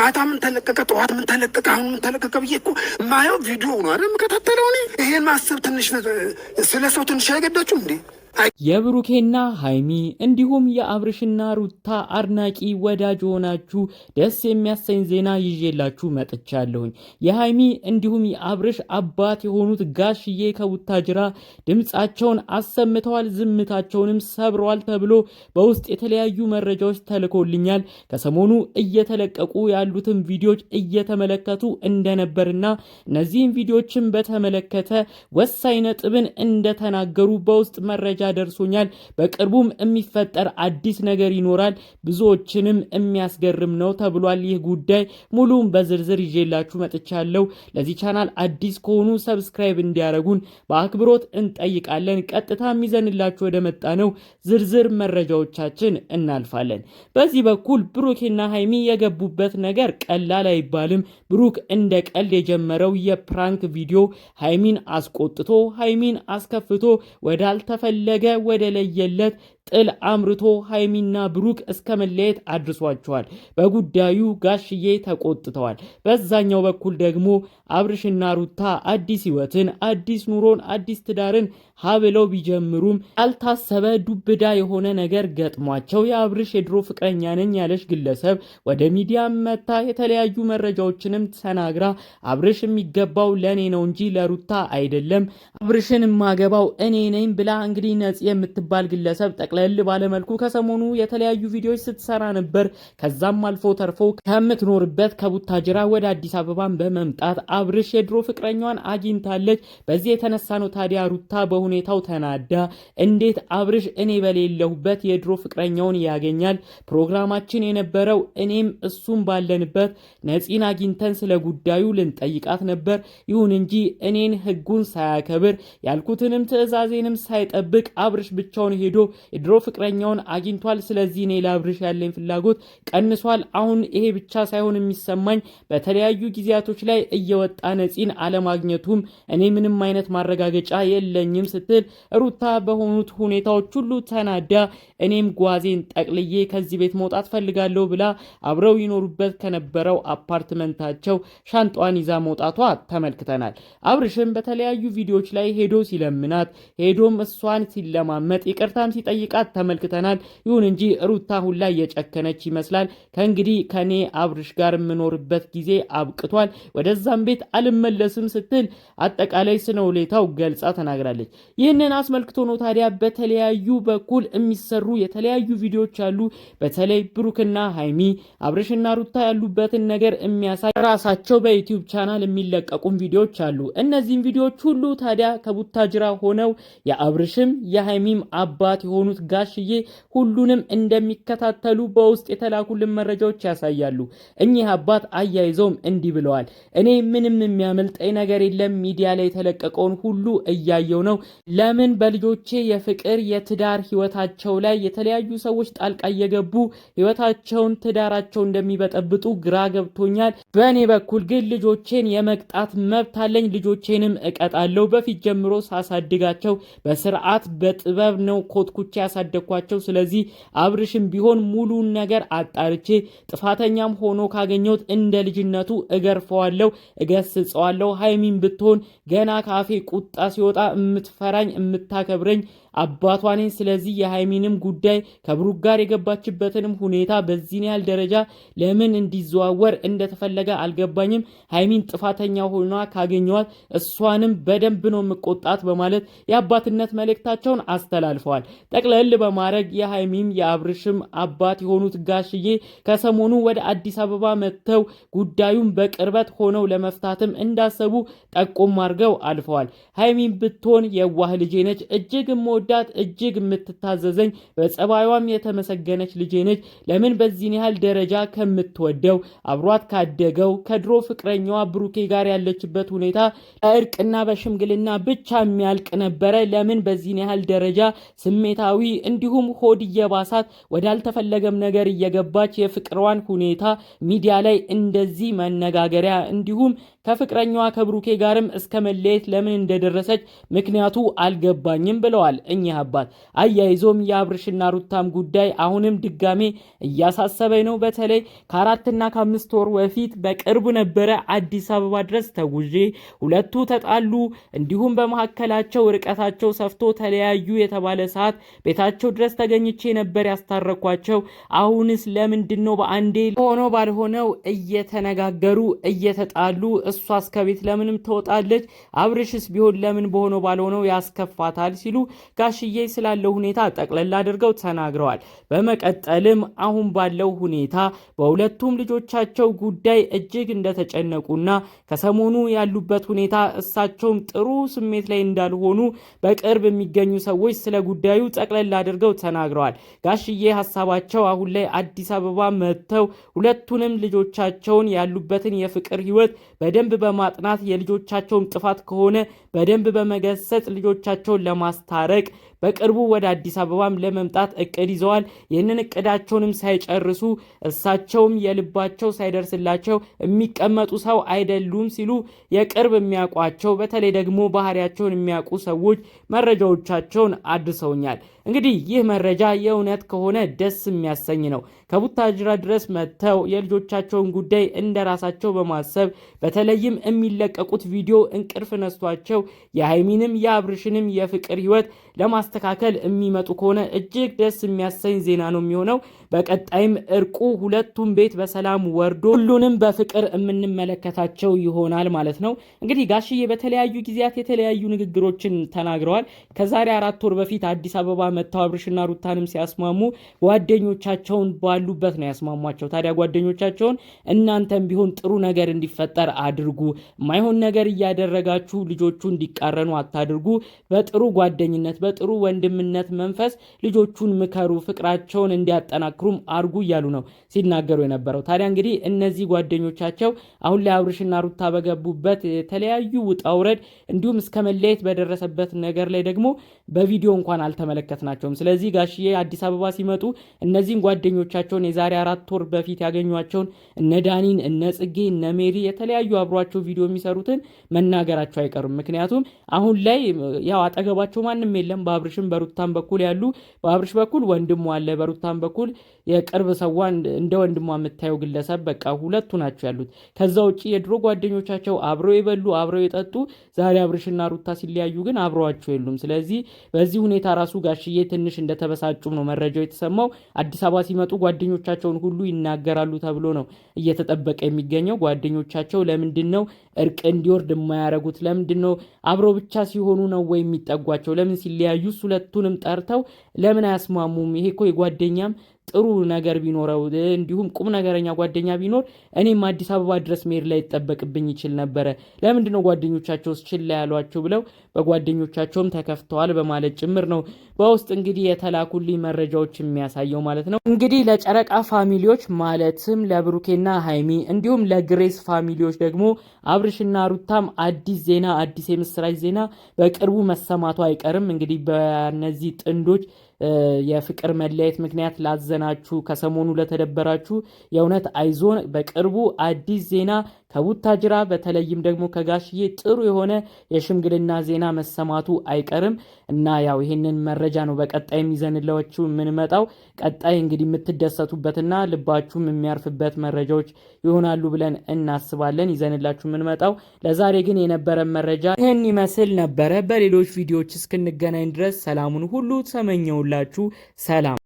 ማታ ምን ተለቀቀ፣ ጠዋት ምን ተለቀቀ፣ አሁን ምን ተለቀቀ ብዬ እኮ ማየው ቪዲዮ ነው አይደል የምከታተለው እኔ። ይሄን ማሰብ ትንሽ ስለ ሰው ትንሽ አይገዳችሁ እንዴ? የብሩኬና ሃይሚ እንዲሁም የአብርሽና ሩታ አድናቂ ወዳጅ ሆናችሁ ደስ የሚያሰኝ ዜና ይዤላችሁ መጥቻለሁኝ። የሃይሚ እንዲሁም የአብርሽ አባት የሆኑት ጋሽዬ ከቡታጅራ ድምፃቸውን አሰምተዋል፣ ዝምታቸውንም ሰብረዋል ተብሎ በውስጥ የተለያዩ መረጃዎች ተልኮልኛል። ከሰሞኑ እየተለቀቁ ያሉትን ቪዲዮዎች እየተመለከቱ እንደነበርና እነዚህን ቪዲዮዎችን በተመለከተ ወሳኝ ነጥብን እንደተናገሩ በውስጥ መረጃ መረጃ ደርሶኛል። በቅርቡም የሚፈጠር አዲስ ነገር ይኖራል፣ ብዙዎችንም የሚያስገርም ነው ተብሏል። ይህ ጉዳይ ሙሉም በዝርዝር ይዤላችሁ መጥቻለሁ። ለዚህ ቻናል አዲስ ከሆኑ ሰብስክራይብ እንዲያደርጉን በአክብሮት እንጠይቃለን። ቀጥታ የሚዘንላችሁ ወደ መጣ ነው ዝርዝር መረጃዎቻችን እናልፋለን። በዚህ በኩል ብሩኬና ሀይሚ የገቡበት ነገር ቀላል አይባልም። ብሩክ እንደ ቀልድ የጀመረው የፕራንክ ቪዲዮ ሀይሚን አስቆጥቶ ሀይሚን አስከፍቶ ወዳልተፈለ ከፈለገ ወደ ለየለት ጥል አምርቶ ሀይሚና ብሩክ እስከ መለየት አድርሷቸዋል። በጉዳዩ ጋሽዬ ተቆጥተዋል። በዛኛው በኩል ደግሞ አብርሽና ሩታ አዲስ ህይወትን፣ አዲስ ኑሮን፣ አዲስ ትዳርን ሀብለው ቢጀምሩም ያልታሰበ ዱብዳ የሆነ ነገር ገጥሟቸው የአብርሽ የድሮ ፍቅረኛ ነኝ ያለች ግለሰብ ወደ ሚዲያ መታ የተለያዩ መረጃዎችንም ተናግራ አብርሽ የሚገባው ለእኔ ነው እንጂ ለሩታ አይደለም፣ አብርሽን የማገባው እኔ ነኝ ብላ እንግዲህ ነጽ የምትባል ግለሰብ ጠቅላይ ጠቅለል ባለመልኩ ከሰሞኑ የተለያዩ ቪዲዮዎች ስትሰራ ነበር። ከዛም አልፎ ተርፎ ከምትኖርበት ከቡታጅራ ወደ አዲስ አበባን በመምጣት አብርሽ የድሮ ፍቅረኛዋን አግኝታለች። በዚህ የተነሳ ነው ታዲያ ሩታ በሁኔታው ተናዳ እንዴት አብርሽ እኔ በሌለሁበት የድሮ ፍቅረኛውን ያገኛል? ፕሮግራማችን የነበረው እኔም እሱም ባለንበት ነፂን አግኝተን ስለ ጉዳዩ ልንጠይቃት ነበር። ይሁን እንጂ እኔን ህጉን ሳያከብር ያልኩትንም ትዕዛዜንም ሳይጠብቅ አብርሽ ብቻውን ሄዶ የድሮ ፍቅረኛውን አግኝቷል። ስለዚህ እኔ ለአብርሽ ያለኝ ፍላጎት ቀንሷል። አሁን ይሄ ብቻ ሳይሆን የሚሰማኝ በተለያዩ ጊዜያቶች ላይ እየወጣ ነፂን አለማግኘቱም እኔ ምንም አይነት ማረጋገጫ የለኝም ስትል ሩታ በሆኑት ሁኔታዎች ሁሉ ተናዳ እኔም ጓዜን ጠቅልዬ ከዚህ ቤት መውጣት ፈልጋለሁ ብላ አብረው ይኖሩበት ከነበረው አፓርትመንታቸው ሻንጧን ይዛ መውጣቷ ተመልክተናል። አብርሽም በተለያዩ ቪዲዮዎች ላይ ሄዶ ሲለምናት ሄዶም እሷን ሲለማመጥ ይቅርታም ሲጠይቅ ብቃት ተመልክተናል። ይሁን እንጂ ሩታ ሁላ ላይ የጨከነች ይመስላል። ከእንግዲህ ከኔ አብርሽ ጋር የምኖርበት ጊዜ አብቅቷል፣ ወደዛም ቤት አልመለስም ስትል አጠቃላይ ስነ ሁኔታው ገልጻ ተናግራለች። ይህንን አስመልክቶ ነው ታዲያ በተለያዩ በኩል የሚሰሩ የተለያዩ ቪዲዮዎች አሉ። በተለይ ብሩክና ሀይሚ አብርሽና ሩታ ያሉበትን ነገር የሚያሳይ ራሳቸው በዩቲዩብ ቻናል የሚለቀቁም ቪዲዮዎች አሉ። እነዚህም ቪዲዮዎች ሁሉ ታዲያ ከቡታጅራ ሆነው የአብርሽም የሀይሚም አባት የሆኑት የነበሩት ጋሽዬ ሁሉንም እንደሚከታተሉ በውስጥ የተላኩልን መረጃዎች ያሳያሉ። እኚህ አባት አያይዘውም እንዲህ ብለዋል። እኔ ምንም የሚያመልጠኝ ነገር የለም። ሚዲያ ላይ የተለቀቀውን ሁሉ እያየው ነው። ለምን በልጆቼ የፍቅር የትዳር ህይወታቸው ላይ የተለያዩ ሰዎች ጣልቃ እየገቡ ህይወታቸውን ትዳራቸው እንደሚበጠብጡ ግራ ገብቶኛል። በእኔ በኩል ግን ልጆቼን የመቅጣት መብት አለኝ። ልጆቼንም እቀጣለሁ። በፊት ጀምሮ ሳሳድጋቸው በስርዓት በጥበብ ነው ኮትኩቻ ያሳደግኳቸው። ስለዚህ አብርሽም ቢሆን ሙሉን ነገር አጣርቼ ጥፋተኛም ሆኖ ካገኘሁት እንደ ልጅነቱ እገርፈዋለሁ፣ እገስጸዋለሁ። ሀይሚን ብትሆን ገና ካፌ ቁጣ ሲወጣ የምትፈራኝ የምታከብረኝ አባቷ ነኝ። ስለዚህ የሃይሚንም ጉዳይ ከብሩክ ጋር የገባችበትንም ሁኔታ በዚህን ያህል ደረጃ ለምን እንዲዘዋወር እንደተፈለገ አልገባኝም። ሃይሚን ጥፋተኛ ሆኗ ካገኘዋት እሷንም በደንብ ነው የምቆጣት በማለት የአባትነት መልእክታቸውን አስተላልፈዋል። ጠቅለል በማድረግ የሃይሚም የአብርሽም አባት የሆኑት ጋሽዬ ከሰሞኑ ወደ አዲስ አበባ መጥተው ጉዳዩን በቅርበት ሆነው ለመፍታትም እንዳሰቡ ጠቆም አድርገው አልፈዋል። ሃይሚን ብትሆን የዋህ ልጄ ነች እጅግ የምወዳት እጅግ የምትታዘዘኝ በጸባይዋም የተመሰገነች ልጄ ነች። ለምን በዚህን ያህል ደረጃ ከምትወደው አብሯት ካደገው ከድሮ ፍቅረኛዋ ብሩኬ ጋር ያለችበት ሁኔታ በእርቅና በሽምግልና ብቻ የሚያልቅ ነበረ። ለምን በዚህን ያህል ደረጃ ስሜታዊ እንዲሁም ሆድ እየባሳት ወዳልተፈለገም ነገር እየገባች የፍቅሯን ሁኔታ ሚዲያ ላይ እንደዚህ መነጋገሪያ እንዲሁም ከፍቅረኛዋ ከብሩኬ ጋርም እስከ መለየት ለምን እንደደረሰች ምክንያቱ አልገባኝም ብለዋል። እኚህ አባት። አያይዞም የአብርሽና ሩታም ጉዳይ አሁንም ድጋሜ እያሳሰበኝ ነው። በተለይ ከአራትና ከአምስት ወር በፊት በቅርቡ ነበረ አዲስ አበባ ድረስ ተጉዤ ሁለቱ ተጣሉ፣ እንዲሁም በመካከላቸው ርቀታቸው ሰፍቶ ተለያዩ የተባለ ሰዓት ቤታቸው ድረስ ተገኝቼ ነበር ያስታረኳቸው። አሁንስ ለምንድን ነው በአንዴ ሆኖ ባልሆነው እየተነጋገሩ እየተጣሉ? እሷ እስከ ቤት ለምንም ትወጣለች፣ አብርሽስ ቢሆን ለምን በሆነው ባልሆነው ያስከፋታል ሲሉ ጋሽዬ ስላለው ሁኔታ ጠቅለል አድርገው ተናግረዋል። በመቀጠልም አሁን ባለው ሁኔታ በሁለቱም ልጆቻቸው ጉዳይ እጅግ እንደተጨነቁና ከሰሞኑ ያሉበት ሁኔታ እሳቸውም ጥሩ ስሜት ላይ እንዳልሆኑ በቅርብ የሚገኙ ሰዎች ስለ ጉዳዩ ጠቅለል አድርገው ተናግረዋል። ጋሽዬ ሀሳባቸው አሁን ላይ አዲስ አበባ መጥተው ሁለቱንም ልጆቻቸውን ያሉበትን የፍቅር ህይወት በደንብ በማጥናት የልጆቻቸውም ጥፋት ከሆነ በደንብ በመገሰጽ ልጆቻቸውን ለማስታረቅ በቅርቡ ወደ አዲስ አበባም ለመምጣት እቅድ ይዘዋል። ይህንን እቅዳቸውንም ሳይጨርሱ እሳቸውም የልባቸው ሳይደርስላቸው የሚቀመጡ ሰው አይደሉም ሲሉ የቅርብ የሚያውቋቸው በተለይ ደግሞ ባህሪያቸውን የሚያውቁ ሰዎች መረጃዎቻቸውን አድርሰውኛል። እንግዲህ ይህ መረጃ የእውነት ከሆነ ደስ የሚያሰኝ ነው። ከቡታጅራ ድረስ መጥተው የልጆቻቸውን ጉዳይ እንደ ራሳቸው በማሰብ በተለይም የሚለቀቁት ቪዲዮ እንቅልፍ ነስቷቸው የሃይሚንም የአብርሽንም የፍቅር ህይወት ለማስ ለማስተካከል የሚመጡ ከሆነ እጅግ ደስ የሚያሰኝ ዜና ነው የሚሆነው። በቀጣይም እርቁ ሁለቱም ቤት በሰላም ወርዶ ሁሉንም በፍቅር የምንመለከታቸው ይሆናል ማለት ነው። እንግዲህ ጋሽዬ በተለያዩ ጊዜያት የተለያዩ ንግግሮችን ተናግረዋል። ከዛሬ አራት ወር በፊት አዲስ አበባ መጥተው አብርሽና ሩታንም ሲያስማሙ ጓደኞቻቸውን ባሉበት ነው ያስማሟቸው። ታዲያ ጓደኞቻቸውን እናንተም ቢሆን ጥሩ ነገር እንዲፈጠር አድርጉ፣ ማይሆን ነገር እያደረጋችሁ ልጆቹ እንዲቃረኑ አታድርጉ፣ በጥሩ ጓደኝነት በጥሩ ወንድምነት መንፈስ ልጆቹን ምከሩ፣ ፍቅራቸውን እንዲያጠናክሩም አርጉ እያሉ ነው ሲናገሩ የነበረው። ታዲያ እንግዲህ እነዚህ ጓደኞቻቸው አሁን ላይ አብርሽና ሩታ በገቡበት የተለያዩ ውጣ ውረድ እንዲሁም እስከ መለየት በደረሰበት ነገር ላይ ደግሞ በቪዲዮ እንኳን አልተመለከትናቸውም። ስለዚህ ጋሽዬ አዲስ አበባ ሲመጡ እነዚህን ጓደኞቻቸውን የዛሬ አራት ወር በፊት ያገኟቸውን እነ ዳኒን፣ እነ ጽጌ፣ እነ ሜሪ የተለያዩ አብሯቸው ቪዲዮ የሚሰሩትን መናገራቸው አይቀሩም። ምክንያቱም አሁን ላይ ያው አጠገባቸው ማንም የለም በአብርሽ በአብርሽም በሩታም በኩል ያሉ በአብርሽ በኩል ወንድሟ አለ፣ በሩታም በኩል የቅርብ ሰዋ እንደ ወንድሟ የምታየው ግለሰብ በቃ ሁለቱ ናቸው ያሉት። ከዛ ውጭ የድሮ ጓደኞቻቸው አብረው የበሉ አብረው የጠጡ ዛሬ አብርሽና ሩታ ሲለያዩ ግን አብረዋቸው የሉም። ስለዚህ በዚህ ሁኔታ ራሱ ጋሽዬ ትንሽ እንደተበሳጩም ነው መረጃው የተሰማው። አዲስ አበባ ሲመጡ ጓደኞቻቸውን ሁሉ ይናገራሉ ተብሎ ነው እየተጠበቀ የሚገኘው። ጓደኞቻቸው ለምንድን ነው እርቅ እንዲወርድ የማያረጉት? ለምንድን ነው አብረው ብቻ ሲሆኑ ነው ወይ የሚጠጓቸው? ለምን ሲለያዩ ሁለቱንም ጠርተው ለምን አያስማሙም? ይሄ እኮ የጓደኛም ጥሩ ነገር ቢኖረው እንዲሁም ቁም ነገረኛ ጓደኛ ቢኖር እኔም አዲስ አበባ ድረስ መሄድ ላይ ይጠበቅብኝ ይችል ነበረ። ለምንድን ነው ጓደኞቻቸው ችላ ያሏቸው ብለው በጓደኞቻቸውም ተከፍተዋል በማለት ጭምር ነው በውስጥ እንግዲህ የተላኩልኝ መረጃዎች የሚያሳየው ማለት ነው። እንግዲህ ለጨረቃ ፋሚሊዎች ማለትም ለብሩኬና ሀይሚ እንዲሁም ለግሬስ ፋሚሊዎች ደግሞ አብርሽና ሩታም አዲስ ዜና አዲስ የምስራች ዜና በቅርቡ መሰማቱ አይቀርም። እንግዲህ በነዚህ ጥንዶች የፍቅር መለያየት ምክንያት ላዘናችሁ፣ ከሰሞኑ ለተደበራችሁ የእውነት አይዞን፣ በቅርቡ አዲስ ዜና ከቡታጅራ በተለይም ደግሞ ከጋሽዬ ጥሩ የሆነ የሽምግልና ዜና መሰማቱ አይቀርም እና ያው ይህንን መረጃ ነው በቀጣይ የሚዘንለዎቹ የምንመጣው። ቀጣይ እንግዲህ የምትደሰቱበትና ልባችሁም የሚያርፍበት መረጃዎች ይሆናሉ ብለን እናስባለን ይዘንላችሁ የምንመጣው። ለዛሬ ግን የነበረ መረጃ ይህን ይመስል ነበረ። በሌሎች ቪዲዮዎች እስክንገናኝ ድረስ ሰላሙን ሁሉ ተመኘውላችሁ። ሰላም